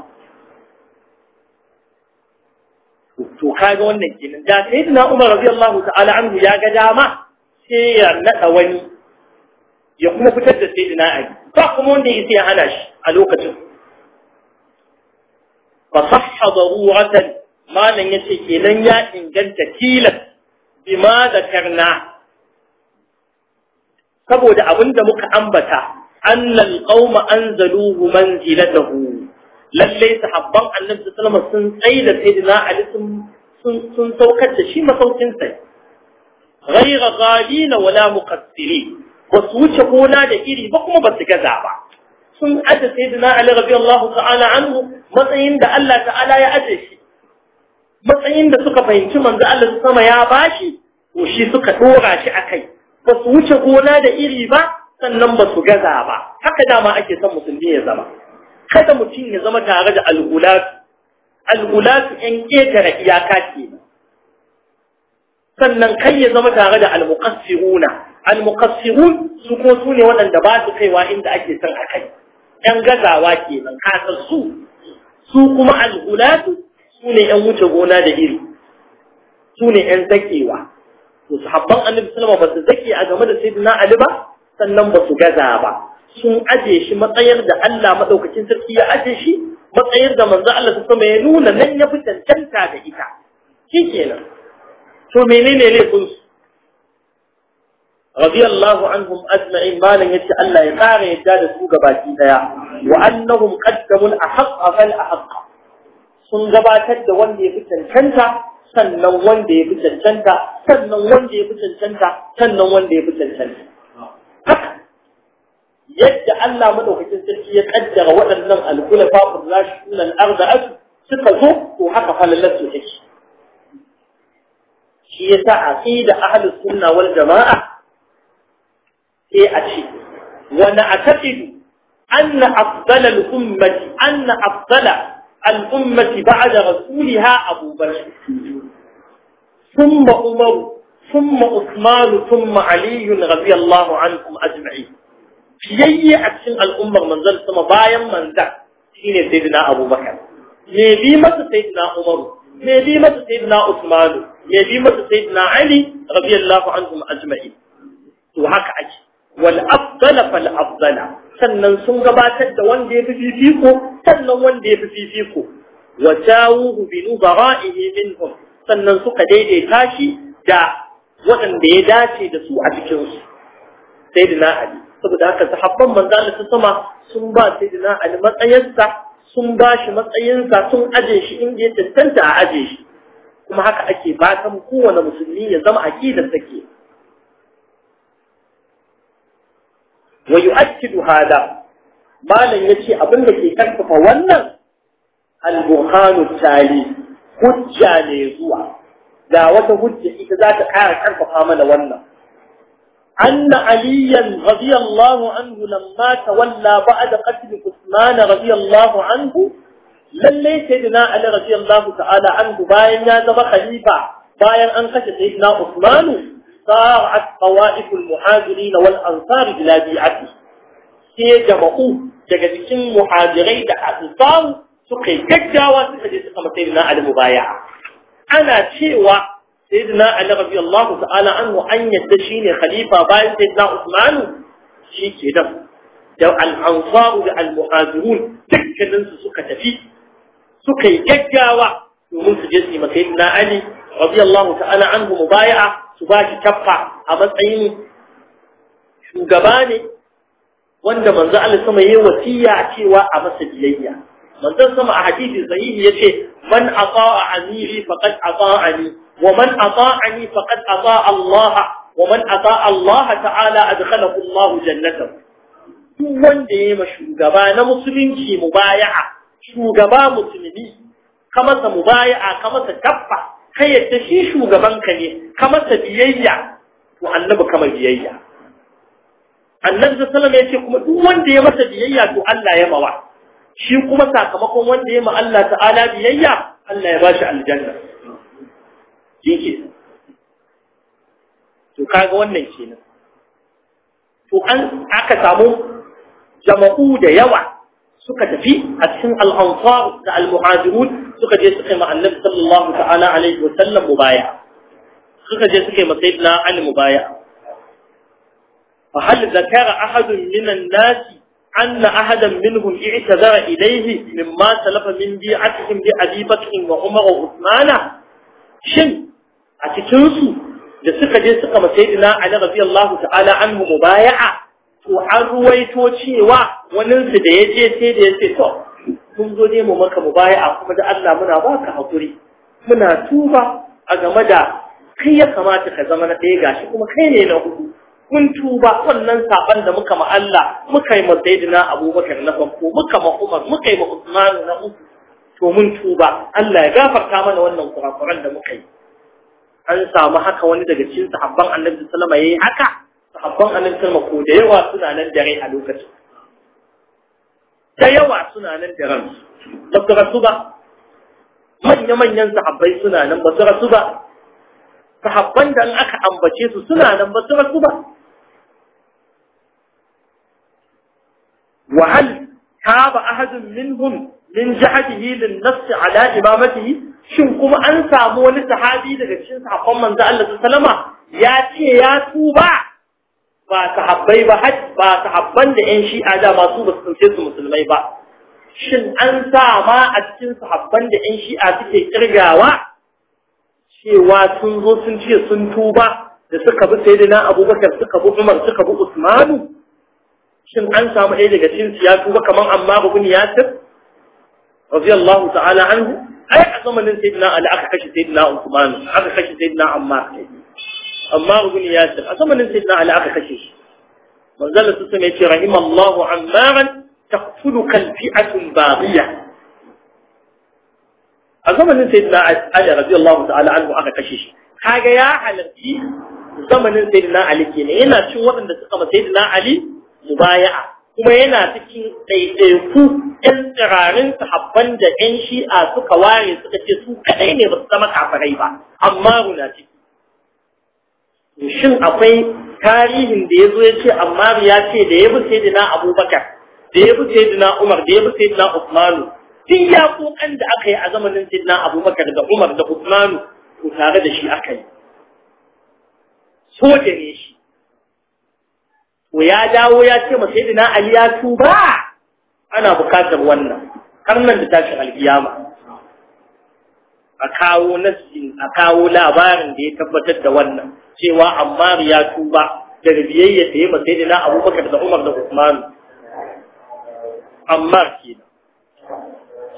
to kaga wannan kenan da sayyidina Umar radiyallahu ta'ala anhu ya ga dama sai ya nada wani ya kuma fitar da sayyidina Ali ba kuma wanda yake hana shi a lokacin fa sahha daruratan malan yace kenan ya inganta tilas bima karna. saboda abinda muka ambata annal qauma anzaluhu manzilatahu lalle sahabban annabi sallallahu alaihi wasallam sun tsaida sayyidina ali sun sun saukar da shi masaukin sai ghayra ghalina wala muqassiri ba su wuce gona da iri ba kuma ba su gaza ba sun aje sayyidina Ali radiyallahu ta'ala anhu matsayin da Allah ta'ala ya aje shi matsayin da suka fahimci manzo Allah sama ya bashi ko shi suka dora shi akai ba su wuce gona da iri ba sannan ba su gaza ba haka dama ake son musulmi ya zama kada mutum ya zama tare da al'ulatu al'ulatu yan ƙetare iyaka ke sannan kai ya zama tare da al almuqassirun su ko su ne waɗanda ba su kaiwa inda ake son a kai ɗan gazawa kenan kasar su kuma al’ulatu su ne ‘yan wuce gona da iri su ne ‘yan zakewa to su habban annabi sallama ba su zake a game da sayyidina ali ba sannan ba su gaza ba sun aje shi matsayar da Allah maɗaukacin sarki ya aje shi matsayar da manzo Allah su sama ya nuna nan ya fi cancanta da ita kenan, to menene ne kunsu? radiyallahu anhum ajma'in malan yace Allah ya kare yadda da su gabaki daya wa annahum qaddamul ahqqa fal ahqqa sun gabatar da wanda ya fi cancanta sannan wanda ya fi cancanta sannan wanda ya fi cancanta sannan wanda ya fi cancanta yadda Allah madaukakin sarki ya kaddara waɗannan alkulafa urrashun al-arda'at suka zo to haka falalar su take shi yasa aqida ahlus sunna wal jama'a sai a ce wani a tafidu أن أفضل الأمة a da rasuli ha رسولها أبو بكر ثم عمر ثم عثمان ثم علي رضي الله عنهم أجمعين fiyayye a cikin al'ummar manzon sama bayan ne shine sayyidina abubakar me bi masa sayyidina umaru me bi masa sayyidina usmanu me bi masa sayyidina ali radiyallahu anhum ajma'in to haka ake wal afdala sannan sun gabatar da wanda ya fi fifiko sannan wanda ya fi fifiko wa jawuhu bi nubara'ihi sannan suka daidaita shi da waɗanda ya dace da su a cikin su ali saboda haka sahabban manzo Allah ta sama sun ba sayyidina ali matsayinsa sun bashi shi matsayinsa sun aje shi inda ya a aje shi kuma haka ake fatan kowane musulmi ya zama aqidar take wa yu'akkidu hada malam yace abin da ke karfafa wannan al-burhan tali hujja ne zuwa Da wata hujja ita za ta kara karfafa mana wannan anna aliyan radiyallahu anhu lamma tawalla da qatl usman radiyallahu anhu lalle sayyidina ali radiyallahu ta'ala anhu bayan ya zama khalifa bayan an kashe sayyidina Usmanu? صارعت طوائف المهاجرين والأنصار إلى بيعته sai jama'u daga cikin muhajirai da ansar suka yi gaggawa suka je suka masa na Ali mubaya'a ana cewa sayyidina Ali radiyallahu ta'ala anhu an yadda shine khalifa bayan sayyidina Usman shi ke da da al-ansar da al-muhajirun dukkanin su suka tafi suka gaggawa domin su je su Ali radiyallahu mubaya'a su ba shi kaffa a matsayin shugaba ne wanda manzo Allah sama yayi wasiya cewa a masa biyayya manzo sama a hadisi sahihi yace man ata'a amiri faqad ata'ani wa man ata'ani faqad ata'a Allah wa man ata'a Allah ta'ala adkhalahu Allah jannatahu duk wanda yayi ma shugaba na musulunci mubaya'a shugaba musulmi kamasa mubaya'a masa kaffa ka yadda shi shugabanka ne ka masa biyayya to annabi kama biyayya annabi sallallahu alaihi ya ce kuma duk wanda ya masa biyayya to Allah ya mawa shi kuma sakamakon wanda ya ma Allah ta'ala biyayya Allah ya bashi aljanna shi to kaga wannan kenan to an aka samu jama'u da yawa suka tafi a cikin al'ansar da al-muhajirun suka je suka yi ma annabi sallallahu ta'ala alaihi wa sallam mubaya suka je suka yi ma sayyidina ali mubaya fa hal zakara ahadun minan nasi أن أحدا min اعتذر إليه مما سلف من بيعتهم لأبي بكر وعمر وعثمان شن أتكنسوا da suka je suka masai ina Ali radiyallahu ta'ala anhu mubaya'a to an ruwaito cewa waninsu da ya je sai da ya ce to Mun zo ne mu maka mu baya a kuma da Allah muna baka hakuri muna tuba a game da kai ya kamata ka zama na ɗaya gashi kuma kai ne na hudu mun tuba wannan saban da muka ma Allah muka yi ma Abubakar na farko muka ma Umar muka yi ma Usman na uku to mun tuba Allah ya gafarta mana wannan kurakuran da muka yi an samu haka wani daga cikin sahabban Annabi sallallahu alaihi wasallam yayi haka sahabban annabi sama ko da yawa suna nan da rai a lokacin da yawa suna nan da ran ba su rasu ba manya-manyan sahabbai suna nan ba su rasu ba sahabban da aka ambace su suna nan ba su rasu ba وهل تاب أحد منهم من جهته للنص على إمامته shin kuma an samu wani sahabi daga cikin sahabban manzo Allah sallama ya ce ya tuba ba habbai ba hajj? ba habban da yan shi'a da masu ba su dauke su musulmai ba shin an sa ma a cikin su habban da yan shi'a suke kirgawa cewa sun zo sun ce sun tuba da suka bi sayyidina abubakar suka bi umar suka bi usmanu shin an samu ɗaya daga cikin su ya tuba kamar amma ibn yasir radiyallahu ta'ala anhu ai a zamanin sayyidina ali aka kashe sayyidina usmanu aka kashe sayyidina ammar amma ibn yasir a zamanin sayyidina ali aka kashe shi manzon su sai yace rahimallahu ammaran taqtulu kal fi'atun baghiya a zamanin sayyidina ali radiyallahu ta'ala anhu aka kashe shi kaga ya halarci zamanin sayyidina ali kenan yana cin waɗanda suka ma sayyidina ali mubaya'a kuma yana cikin ɗaiɗaiku ƴan tsirarin sahabban da ƴan shi'a suka ware suka ce su kaɗai ne ba su zama kafirai ba amma runa ciki shin akwai tarihin da ya zo ya ce amma ya ce da ya bi saidina abubakar da ya bi saidina umar da ya bi saidina usmanu duk ya kokan da aka yi a zamanin saidina abubakar da umar da usmanu to tare da shi aka yi so da ne shi to ya dawo ya ce ma sai dina ali ya tuba ana bukatar wannan karnan da tashin alkiyama a kawo nasin a kawo labarin da ya tabbatar da wannan cewa Ammar ya tuba daga biyayya da ya masai da na abubakar da umar da usman ammar kenan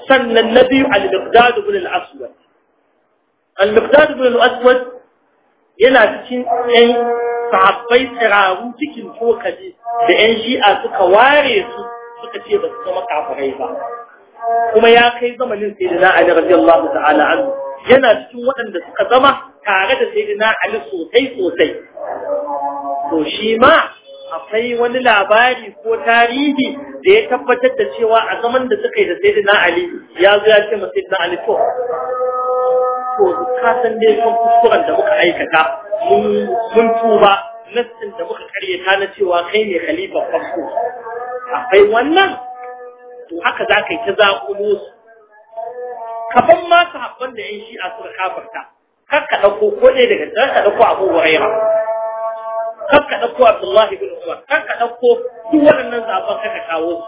sannan na biyu al-miqdad ibn al-aswad al-miqdad ibn al-aswad yana cikin ɗan sahabbai tsiraru cikin tokali da ƴan shi'a suka ware su suka ce ba su zama kafirai ba kuma ya kai zamanin sai sayyidina ali radiyallahu ta'ala anhu yana cikin waɗanda suka zama tare da sayyidina Ali sosai sosai to shi ma akwai wani labari ko tarihi da ya tabbatar da cewa a zaman da suka yi da sayyidina Ali ya zo ya ce ma sayyidina Ali to to ka san dai kuskuren da muka aikata mun tuba nassin da muka karyata na cewa kai ne khalifa farko akwai wannan to haka za ka yi ta zaƙulo su kafan ma sahabban da yan shi'a suka kafarta kakka ɗauko ko ɗaya daga kakka ɗauko abu huraira kakka ɗauko abdullahi bin umar kakka ɗauko duk waɗannan zaɓen kakka kawo su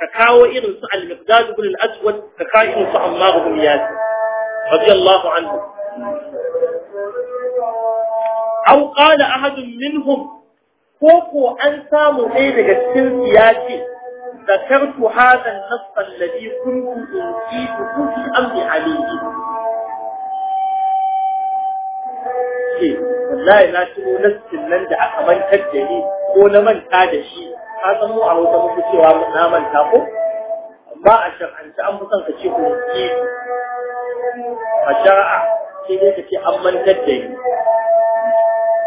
ka kawo irin su al-miqdad ibn al-aswad ka kawo irin su ammar ibn yasir radiyallahu anhu aw qala ahadun minhum ko ko an samu ɗaya daga cikin siyasi ذكرت هذا النص الذي كنت أنقيه في أمر عليه ce wallahi na tuno nassin nan da aka mantar da ni ko na manta da shi ka san mu a wata muku cewa na manta ko amma a shar'anci an fi son ka ce ku ki a shara'a sai dai ka ce an mantar da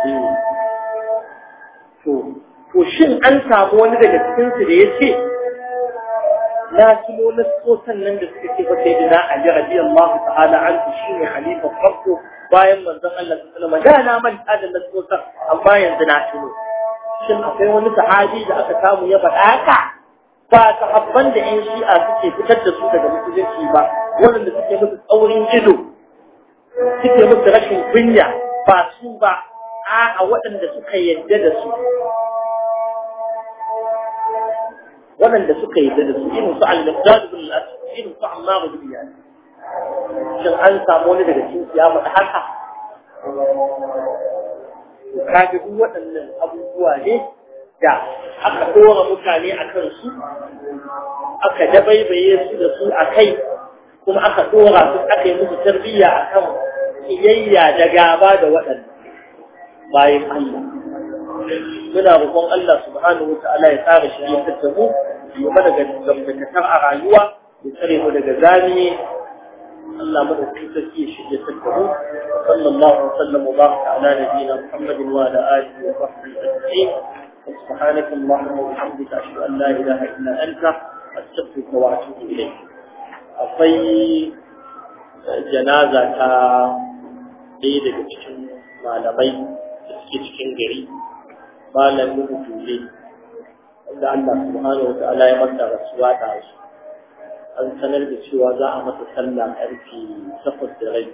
ni to to shin an samu wani daga cikin su da ya ce na tuno nassosan nan da suka ce fa sai da na Ali radiyallahu ta'ala an shi ne khalifa farko bayan manzon Allah sallallahu alaihi wasallam da na manta da san amma yanzu na tuno shin akwai wani sahabi da aka samu ya faɗa haka ba sahabban da yan shi'a suke fitar da su daga musulunci ba waɗanda suke musu tsaurin ido suke musu rashin kunya ba su ba a waɗanda suka yarda da su waɗanda suka yarda da su irin su al-Lajjaj ibn al irin su Ammar ibn Yasir shin an samu wani daga cikin ya da haka ji duk waɗannan abubuwa ne da aka ɗora mutane a kan su, aka dabaibaye su da su a kai kuma aka ɗora su aka yi musu tarbiyya a kan kiyayya da gaba da waɗannan bayan Allah muna roƙon Allah subhanahu wa ta'ala ya tsara shi ne tattabu ya mana daga gamdakatar a rayuwa ya tsare mu daga zamiye Allah madaukakin sarki ya shige ta gaba sallallahu alaihi wasallam wa baraka ala nabiyina Muhammadin wa ala alihi wa sahbihi ajma'in سبحانك اللهم وبحمدك أشهد أن لا إله إلا أنت أستغفرك وأتوب إليك akwai eh, janaza ta ɗaya daga cikin malamai da suke cikin gari malamin dole wanda Allah subhanahu wa ta'ala ya masa rasuwa da su an sanar da cewa za a masa sallah karfi takwas da rai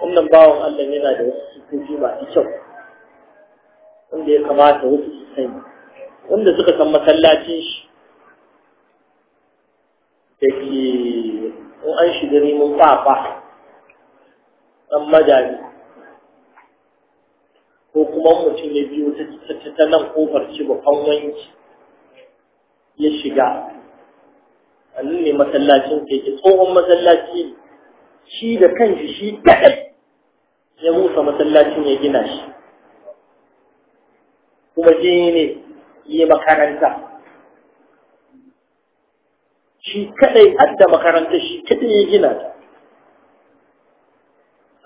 wannan bawan Allah yana da wasu sifofi masu kyau wanda ya kamata wasu su sani wanda suka san masallacin shi da ke in an shiga neman kwafa ɗan madani ko kuma mutum ya biyo ta nan kofar ci ba wanki ya shiga annan ne masallacin ke ke tsohon masallaci shi da kanshi shi kaɗai ya musa masallacin ya gina shi kuma je ne yi makaranta shi kadai hadda makaranta shi kadai ya gina ta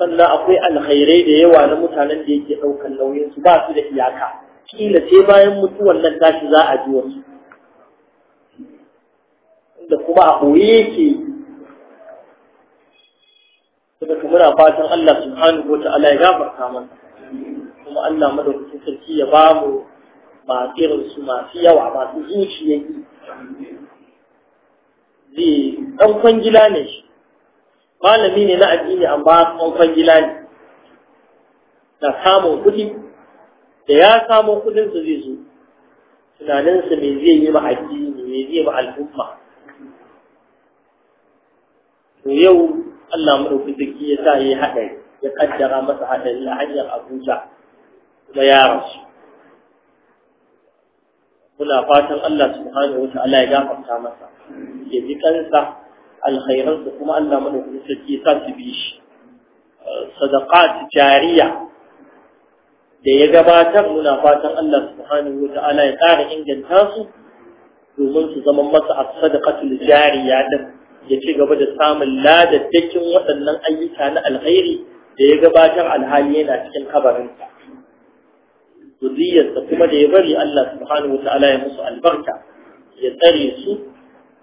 sannan akwai alkhairai da yawa na mutanen da yake ɗaukar nauyinsu su ba su da iyaka kila sai bayan mutuwan nan tashi za a ji wasu da kuma a koye yake saboda muna fatan Allah subhanahu Ta'ala ya gafarta mana kuma Allah madaukakin sarki ya ba mu ba irin su masu yawa masu zuciyayi zai ɗan kwangila ne shi malami ne na addini amma ɗan kwangila ne na samun kuɗi da ya samu kuɗinsa zai zo tunaninsa me zai yi ma addini me zai ma al'umma to yau Allah madaukaki ya sa yayi hadari ya kaddara masa hadari a hanyar Abuja da ya rasu muna fatan Allah subhanahu wata'ala ya gafarta masa ya bi kansa alkhairansa kuma Allah madaukaki sarki ya sa su bi shi sadaqat jariya da ya gabatar muna fatan Allah subhanahu wata'ala ya ƙara inganta su domin su zama masa as-sadaqatul jariya din ya ci gaba da samun ladaddakin waɗannan ayyuka na alkhairi da ya gabatar alhali yana cikin kabarinsa zuriyarsa kuma da ya bari Allah subhanahu wa ta'ala ya musu albarka ya tsare su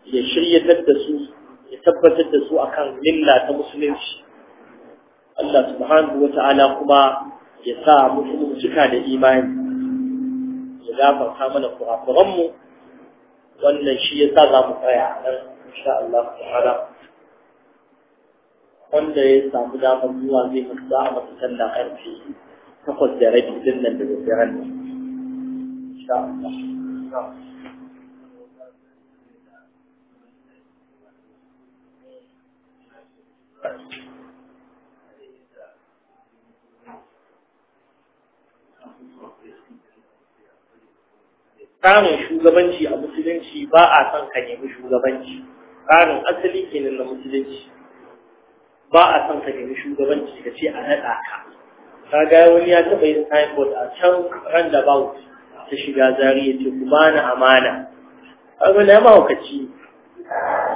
ya shirya da su ya tabbatar da su akan milla ta musulunci Allah subhanahu wa ta'ala kuma ya sa mutum cika da imani ya gafarta mana kurakuranmu wannan shi ya sa za mu tsaya a nan insha Allah ta'ala wanda ya samu damar zuwa zai mutu za a masa sallah takwas da rabi din nan da daddaren nan insha Allah samun shugabanci a musulunci ba a son ka nemi shugabanci tsarin asali kenan na musulunci ba a son ka nemi shugabanci ka ce a naɗa ka ka ga wani ya taɓa yin signboard a can ran da bawu ta shiga zari ya ce ku bani amana abu na mahaukaci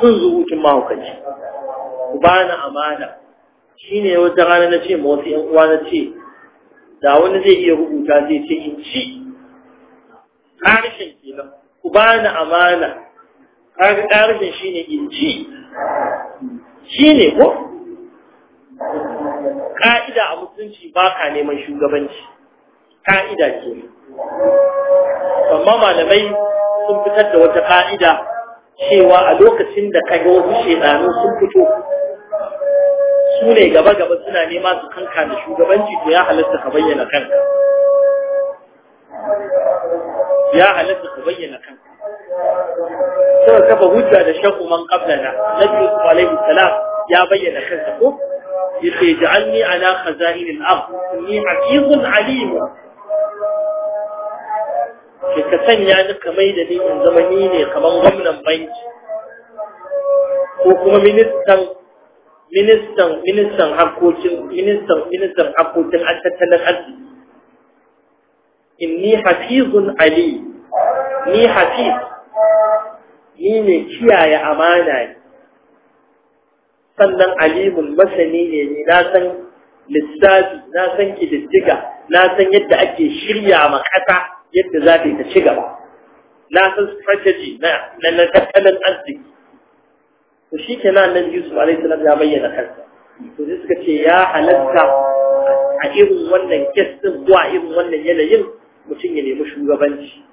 sun zubutun mahaukaci ku bani amana shi ne wata rana na ce ma wasu ‘yan uwa na ce da wani zai iya rubuta zai ce in ci harshen kenan ku bani amana kaga ɗarfin shi ne inci shi ne ko ka'ida a mutunci ba ka neman shugabanci ka'ida ke amma malamai sun fitar da wata ka'ida cewa a lokacin da ka ga wasu shedanu sun fito su ne gaba-gaba suna nema su kanka da shugabanci to ya halatta ka bayyana kanka ya halatta ka bayyana kanka sai kafa hujja da shakku man qablana nabi sallallahu alaihi salam ya bayyana kansa ko yace ja'alni ala khaza'in al-ard inni hafizun alim ke ka sanya ni kamar da ni in zama ni ne kamar gwamnan banki ko kuma ministan ministan ministan harkokin ministan ministan harkokin tattalin arziki inni hafizun ali ni hafiz shi ne kiyaye amana ne sannan alimun masani ne ni na san lissafi na san kididdiga na san yadda ake shirya ma ƙasa yadda za ta ci gaba na san strategy na na tattalin arziki to shi ke nan nan Yusuf alayhi salam ya bayyana kansa to sai suka ce ya halatta a irin wannan kes din ko a irin wannan yanayin mutum ya nemi shugabanci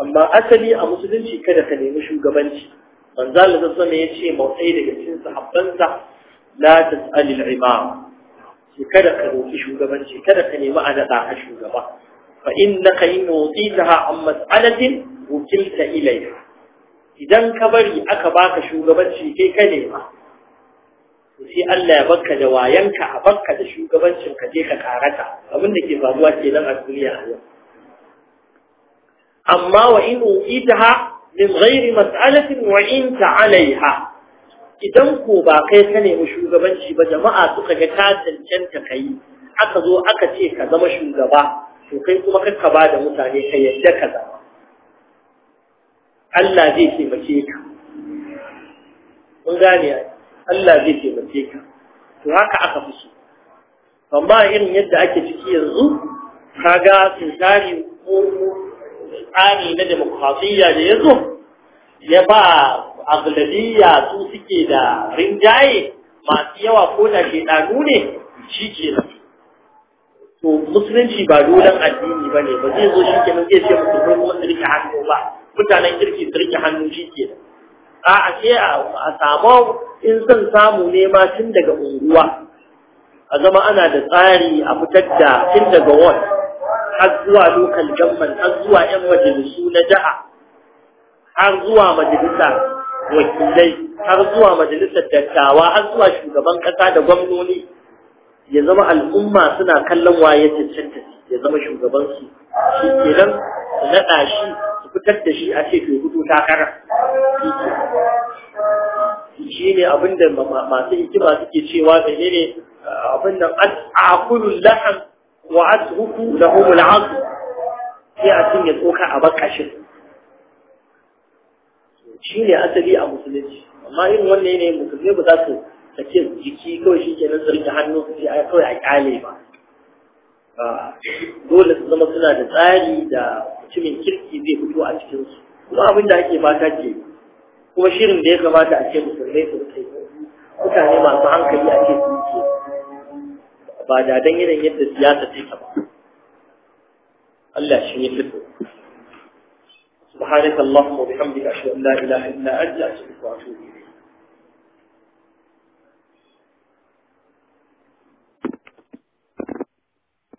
amma asali a musulunci kada ka nemi shugabanci manzo Allah sallallahu ya ce mautai daga cikin sahabbansa la tas'alil imam shi kada ka roki shugabanci kada ka nemi adada a shugaba fa innaka in wutitaha an mas'alatin wukilta ilayha idan ka bari aka baka shugabanci kai ka nema sai Allah ya baka da wayanka a baka da shugabancin ka je ka karata abin da ke faruwa kenan a duniya a yau amma wa in utitaha min ghairi mas'alatin wa in ta'alaiha idan ko ba kai ka nemi shugabanci ba jama'a suka ga ka cancanta kai aka zo aka ce ka zama shugaba to kai kuma ka ba da mutane ka yadda ka zama Allah zai taimake ka mun gane Allah zai taimake ka to haka aka fi so amma irin yadda ake ciki yanzu kaga tsari ko tsari na demokrasiyya da ya zo ya ba agladiyya su suke da rinjaye masu yawa ko da ɗanu ne shi ke nan to musulunci ba dolan addini ba ne ba zai zo shi ke nan zai ce musu kuma su rike hannu ba mutanen kirki su rike hannu shi ke nan a a ce a samu in son samu nema tun daga unguwa a zama ana da tsari a fitar da tun daga wani har zuwa lokal gamman har zuwa 'yan majalisu na jiha har zuwa majalisa wakilai har zuwa majalisar dattawa har zuwa shugaban kasa da gwamnoni ya zama al'umma suna kallon waye cancanta ya zama shugaban su shi kenan su naɗa shi su fitar da shi a ce to hudu takara shi ne abin da masu hikima suke cewa da ne abin nan al'akulun lahan wa azhuku lahum al'azm sai a cinye tsoka a bakashin shine asali a musulunci amma irin wannan ne musulmi ba za su sake jiki kawai shi ke su hannu su ce kawai a kyale ba dole su zama suna da tsari da mutumin kirki zai fito a cikinsu kuma abin da ake fata ke kuma shirin da ya kamata a ce musulmai sosai, mutane masu hankali a ce su ke ba da dan irin yadda siyasa take ba Allah shi ne fito subhanakallahumma wa bihamdika ashhadu an la ilaha illa anta astaghfiruka wa atubu